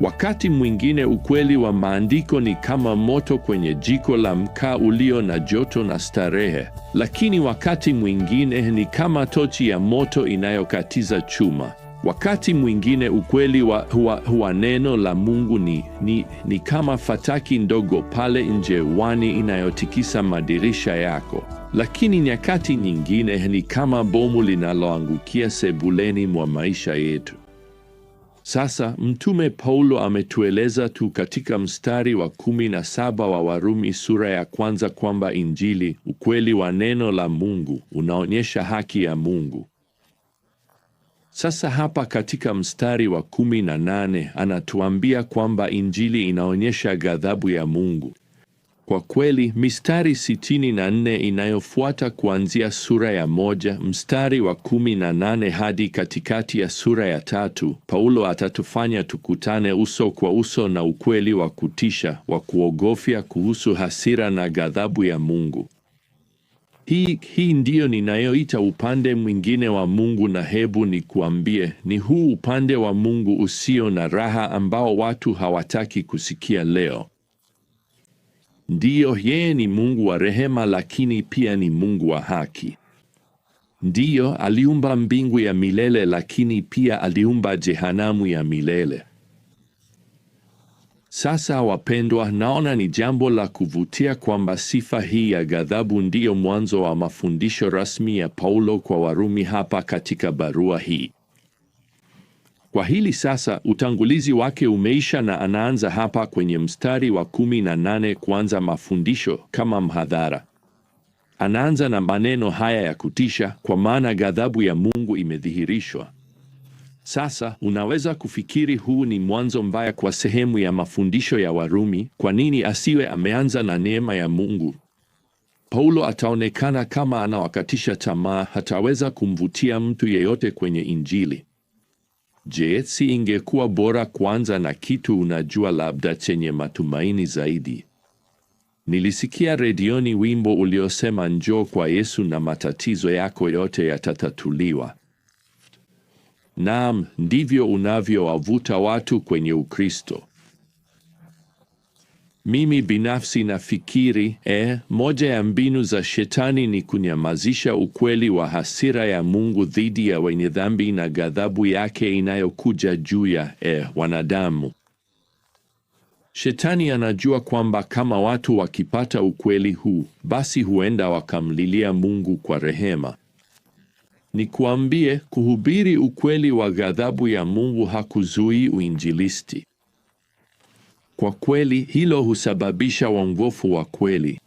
Wakati mwingine ukweli wa maandiko ni kama moto kwenye jiko la mkaa ulio na joto na starehe, lakini wakati mwingine ni kama tochi ya moto inayokatiza chuma. Wakati mwingine ukweli wa, wa, wa neno la Mungu ni, ni, ni kama fataki ndogo pale nje wani inayotikisa madirisha yako, lakini nyakati nyingine ni kama bomu linaloangukia sebuleni mwa maisha yetu. Sasa Mtume Paulo ametueleza tu katika mstari wa kumi na saba wa Warumi sura ya kwanza kwamba Injili, ukweli wa neno la Mungu, unaonyesha haki ya Mungu. Sasa hapa katika mstari wa kumi na nane anatuambia kwamba Injili inaonyesha ghadhabu ya Mungu. Kwa kweli mistari sitini na nne inayofuata kuanzia sura ya moja mstari wa kumi na nane hadi katikati ya sura ya tatu Paulo atatufanya tukutane uso kwa uso na ukweli wa kutisha wa kuogofya kuhusu hasira na ghadhabu ya Mungu. Hii hii ndiyo ninayoita upande mwingine wa Mungu, na hebu nikuambie, ni huu upande wa Mungu usio na raha ambao watu hawataki kusikia leo. Ndiyo, yeye ni Mungu wa rehema, lakini pia ni Mungu wa haki. Ndiyo, aliumba mbingu ya milele, lakini pia aliumba jehanamu ya milele. Sasa wapendwa, naona ni jambo la kuvutia kwamba sifa hii ya ghadhabu ndiyo mwanzo wa mafundisho rasmi ya Paulo kwa Warumi hapa katika barua hii. Kwa hili sasa utangulizi wake umeisha na anaanza hapa kwenye mstari wa kumi na nane kuanza mafundisho kama mhadhara. Anaanza na maneno haya ya kutisha, kwa maana ghadhabu ya Mungu imedhihirishwa. Sasa unaweza kufikiri huu ni mwanzo mbaya kwa sehemu ya mafundisho ya Warumi. Kwa nini asiwe ameanza na neema ya Mungu? Paulo ataonekana kama anawakatisha tamaa, hataweza kumvutia mtu yeyote kwenye Injili. Je, si ingekuwa bora kwanza na kitu unajua, labda chenye matumaini zaidi? Nilisikia redioni wimbo uliosema njoo kwa Yesu na matatizo yako yote yatatatuliwa. Naam, ndivyo unavyowavuta watu kwenye Ukristo. Mimi binafsi nafikiri e, moja ya mbinu za shetani ni kunyamazisha ukweli wa hasira ya Mungu dhidi ya wenye dhambi na ghadhabu yake inayokuja juu ya e, wanadamu. Shetani anajua kwamba kama watu wakipata ukweli huu, basi huenda wakamlilia Mungu kwa rehema. Nikuambie, kuhubiri ukweli wa ghadhabu ya Mungu hakuzuii uinjilisti. Kwa kweli hilo husababisha wangofu wa kweli.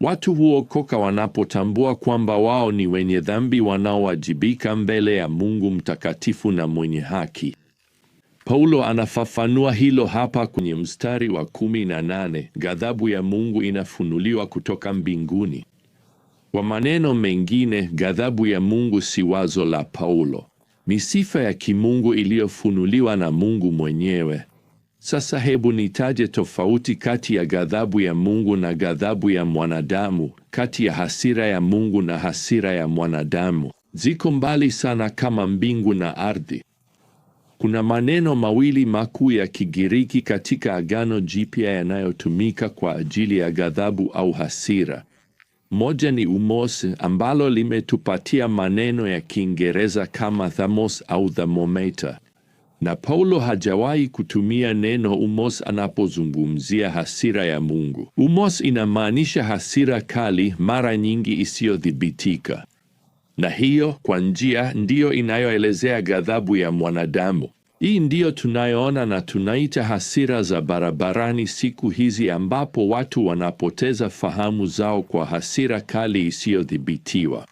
Watu huokoka wanapotambua kwamba wao ni wenye dhambi wanaowajibika mbele ya Mungu mtakatifu na mwenye haki. Paulo anafafanua hilo hapa kwenye mstari wa kumi na nane: ghadhabu ya Mungu inafunuliwa kutoka mbinguni. Kwa maneno mengine, ghadhabu ya Mungu si wazo la Paulo, ni sifa ya kimungu iliyofunuliwa na Mungu mwenyewe. Sasa hebu nitaje tofauti kati ya ghadhabu ya Mungu na ghadhabu ya mwanadamu, kati ya hasira ya Mungu na hasira ya mwanadamu. Ziko mbali sana kama mbingu na ardhi. Kuna maneno mawili makuu ya Kigiriki katika Agano Jipya yanayotumika kwa ajili ya ghadhabu au hasira. Moja ni umos, ambalo limetupatia maneno ya Kiingereza kama thamos au thermometer na Paulo hajawahi kutumia neno umos anapozungumzia hasira ya Mungu. Umos inamaanisha hasira kali, mara nyingi isiyodhibitika, na hiyo kwa njia ndiyo inayoelezea ghadhabu ya mwanadamu. Hii ndiyo tunayoona na tunaita hasira za barabarani siku hizi, ambapo watu wanapoteza fahamu zao kwa hasira kali isiyodhibitiwa.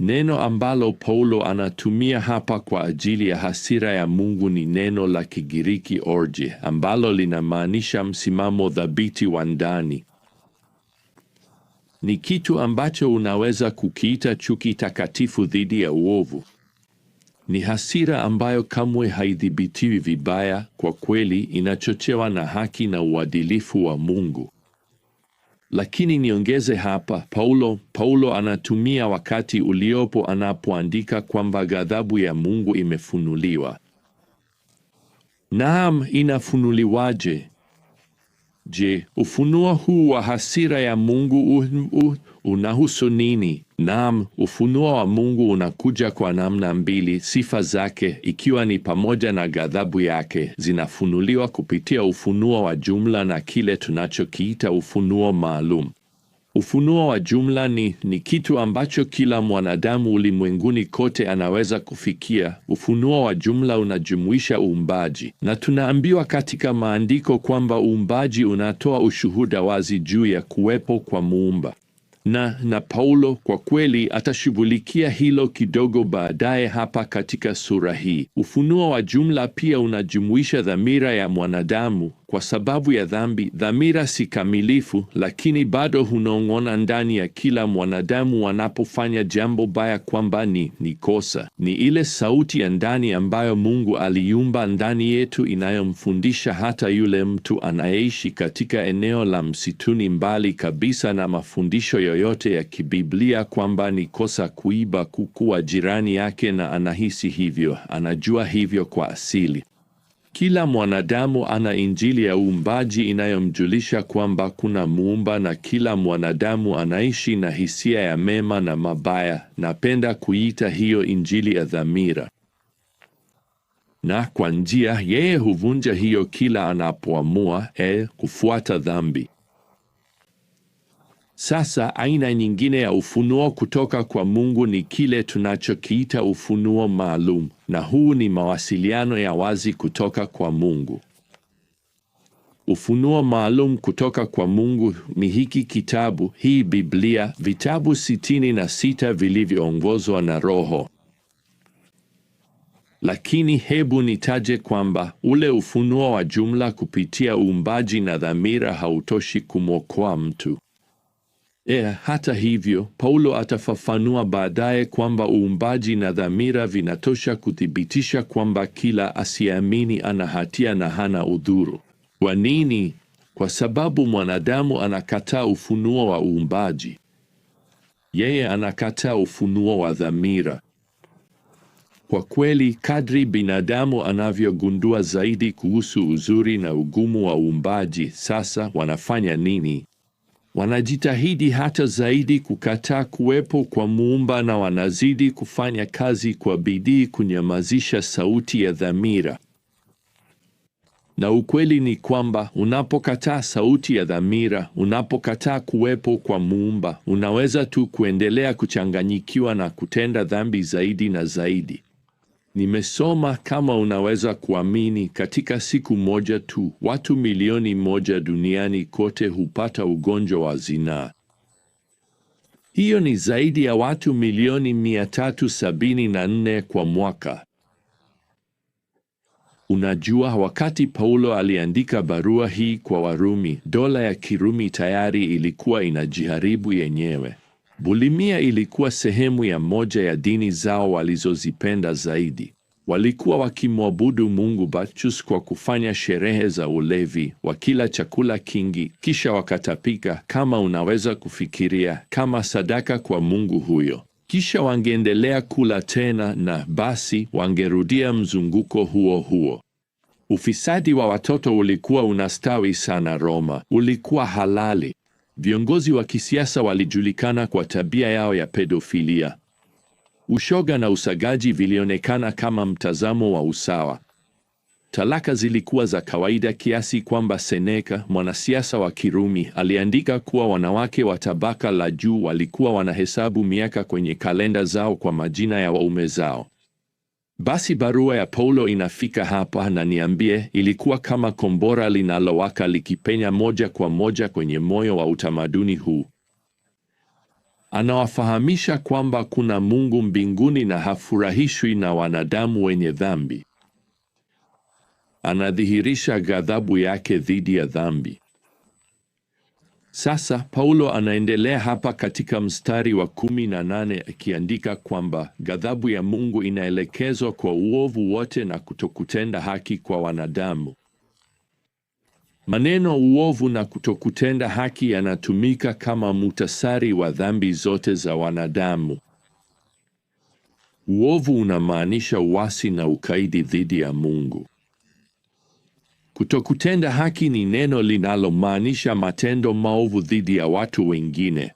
Neno ambalo Paulo anatumia hapa kwa ajili ya hasira ya Mungu ni neno la Kigiriki orge, ambalo linamaanisha msimamo dhabiti wa ndani. Ni kitu ambacho unaweza kukiita chuki takatifu dhidi ya uovu. Ni hasira ambayo kamwe haidhibitiwi vibaya, kwa kweli inachochewa na haki na uadilifu wa Mungu. Lakini niongeze hapa, Paulo Paulo anatumia wakati uliopo anapoandika kwamba ghadhabu ya Mungu imefunuliwa. Naam, inafunuliwaje? Je, ufunuo huu wa hasira ya Mungu unahusu nini? Naam, ufunuo wa Mungu unakuja kwa namna mbili. Sifa zake, ikiwa ni pamoja na ghadhabu yake, zinafunuliwa kupitia ufunuo wa jumla na kile tunachokiita ufunuo maalum. Ufunuo wa jumla ni, ni kitu ambacho kila mwanadamu ulimwenguni kote anaweza kufikia. Ufunuo wa jumla unajumuisha uumbaji, na tunaambiwa katika maandiko kwamba uumbaji unatoa ushuhuda wazi juu ya kuwepo kwa muumba na na Paulo kwa kweli atashughulikia hilo kidogo baadaye hapa katika sura hii. Ufunuo wa jumla pia unajumuisha dhamira ya mwanadamu kwa sababu ya dhambi, dhamira si kamilifu, lakini bado hunong'ona ndani ya kila mwanadamu wanapofanya jambo baya kwamba ni ni kosa. Ni ile sauti ya ndani ambayo Mungu aliumba ndani yetu inayomfundisha hata yule mtu anayeishi katika eneo la msituni mbali kabisa na mafundisho yoyote ya kibiblia kwamba ni kosa kuiba, kukuwa jirani yake, na anahisi hivyo, anajua hivyo kwa asili. Kila mwanadamu ana injili ya uumbaji inayomjulisha kwamba kuna muumba na kila mwanadamu anaishi na hisia ya mema na mabaya. Napenda kuita hiyo injili ya dhamira. Na kwa njia, yeye huvunja hiyo kila anapoamua e, kufuata dhambi. Sasa aina nyingine ya ufunuo kutoka kwa Mungu ni kile tunachokiita ufunuo maalum, na huu ni mawasiliano ya wazi kutoka kwa Mungu. Ufunuo maalum kutoka kwa Mungu ni hiki kitabu, hii Biblia, vitabu sitini na sita vilivyoongozwa na Roho. Lakini hebu nitaje kwamba ule ufunuo wa jumla kupitia uumbaji na dhamira hautoshi kumwokoa mtu. E, hata hivyo, Paulo atafafanua baadaye kwamba uumbaji na dhamira vinatosha kuthibitisha kwamba kila asiamini ana hatia na hana udhuru. Kwa nini? Kwa sababu mwanadamu anakataa ufunuo wa uumbaji. Yeye anakataa ufunuo wa dhamira. Kwa kweli, kadri binadamu anavyogundua zaidi kuhusu uzuri na ugumu wa uumbaji, sasa wanafanya nini? wanajitahidi hata zaidi kukataa kuwepo kwa Muumba na wanazidi kufanya kazi kwa bidii kunyamazisha sauti ya dhamira. Na ukweli ni kwamba unapokataa sauti ya dhamira, unapokataa kuwepo kwa Muumba, unaweza tu kuendelea kuchanganyikiwa na kutenda dhambi zaidi na zaidi. Nimesoma kama unaweza kuamini, katika siku moja tu watu milioni moja duniani kote hupata ugonjwa wa zinaa. Hiyo ni zaidi ya watu milioni 374 kwa mwaka. Unajua, wakati Paulo aliandika barua hii kwa Warumi, dola ya Kirumi tayari ilikuwa inajiharibu yenyewe. Bulimia ilikuwa sehemu ya moja ya dini zao walizozipenda zaidi. Walikuwa wakimwabudu Mungu Bacchus kwa kufanya sherehe za ulevi, wakila chakula kingi, kisha wakatapika, kama unaweza kufikiria, kama sadaka kwa Mungu huyo. Kisha wangeendelea kula tena, na basi wangerudia mzunguko huo huo. Ufisadi wa watoto ulikuwa unastawi sana Roma, ulikuwa halali. Viongozi wa kisiasa walijulikana kwa tabia yao ya pedofilia. Ushoga na usagaji vilionekana kama mtazamo wa usawa. Talaka zilikuwa za kawaida kiasi kwamba Seneca, mwanasiasa wa Kirumi, aliandika kuwa wanawake wa tabaka la juu walikuwa wanahesabu miaka kwenye kalenda zao kwa majina ya waume zao. Basi barua ya Paulo inafika hapa na niambie, ilikuwa kama kombora linalowaka likipenya moja kwa moja kwenye moyo wa utamaduni huu. Anawafahamisha kwamba kuna Mungu mbinguni na hafurahishwi na wanadamu wenye dhambi. Anadhihirisha ghadhabu yake dhidi ya dhambi. Sasa Paulo anaendelea hapa katika mstari wa kumi na nane akiandika kwamba ghadhabu ya Mungu inaelekezwa kwa uovu wote na kutokutenda haki kwa wanadamu. Maneno uovu na kutokutenda haki yanatumika kama mutasari wa dhambi zote za wanadamu. Uovu unamaanisha uasi na ukaidi dhidi ya Mungu. Kutokutenda haki ni neno linalomaanisha matendo maovu dhidi ya watu wengine.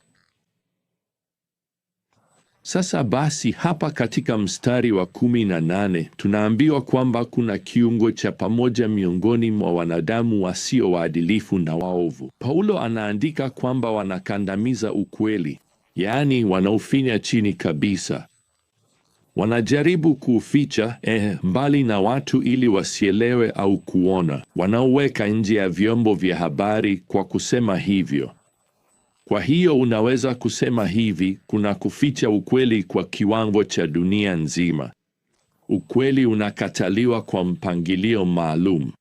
Sasa basi, hapa katika mstari wa kumi na nane tunaambiwa kwamba kuna kiungo cha pamoja miongoni mwa wanadamu wasio waadilifu na waovu. Paulo anaandika kwamba wanakandamiza ukweli, yaani wanaufinya chini kabisa. Wanajaribu kuuficha eh, mbali na watu ili wasielewe au kuona. Wanauweka nje ya vyombo vya habari kwa kusema hivyo. Kwa hiyo unaweza kusema hivi, kuna kuficha ukweli kwa kiwango cha dunia nzima. Ukweli unakataliwa kwa mpangilio maalum.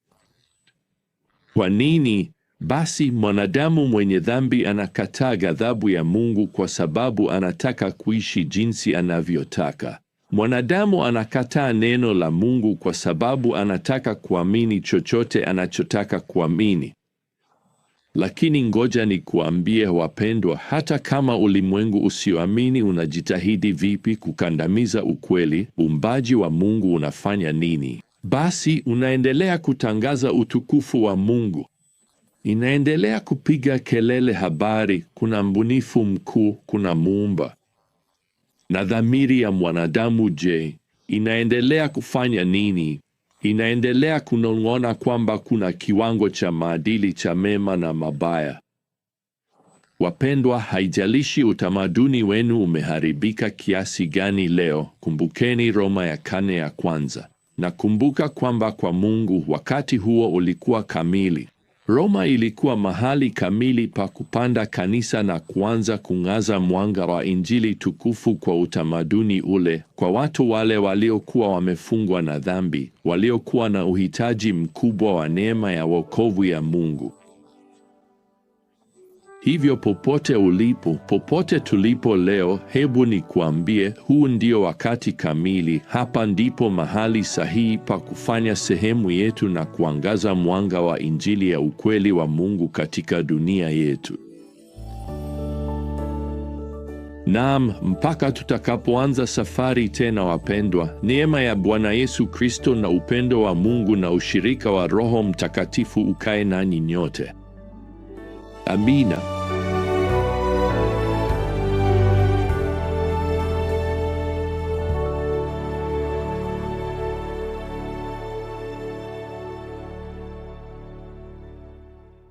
Kwa nini basi mwanadamu mwenye dhambi anakataa ghadhabu ya Mungu kwa sababu anataka kuishi jinsi anavyotaka? Mwanadamu anakataa neno la Mungu kwa sababu anataka kuamini chochote anachotaka kuamini. Lakini ngoja ni kuambie wapendwa, hata kama ulimwengu usioamini unajitahidi vipi kukandamiza ukweli, uumbaji wa Mungu unafanya nini? Basi unaendelea kutangaza utukufu wa Mungu, inaendelea kupiga kelele habari, kuna mbunifu mkuu, kuna muumba na dhamiri ya mwanadamu je, inaendelea kufanya nini? Inaendelea kunong'ona kwamba kuna kiwango cha maadili cha mema na mabaya. Wapendwa, haijalishi utamaduni wenu umeharibika kiasi gani leo, kumbukeni Roma ya kane ya kwanza, na kumbuka kwamba kwa Mungu wakati huo ulikuwa kamili. Roma ilikuwa mahali kamili pa kupanda kanisa na kuanza kung'aza mwanga wa Injili tukufu kwa utamaduni ule, kwa watu wale waliokuwa wamefungwa na dhambi, waliokuwa na uhitaji mkubwa wa neema ya wokovu ya Mungu. Hivyo popote ulipo, popote tulipo leo, hebu nikuambie, huu ndio wakati kamili. Hapa ndipo mahali sahihi pa kufanya sehemu yetu na kuangaza mwanga wa injili ya ukweli wa Mungu katika dunia yetu. Naam, mpaka tutakapoanza safari tena, wapendwa, neema ya Bwana Yesu Kristo na upendo wa Mungu na ushirika wa Roho Mtakatifu ukae nanyi nyote. Amina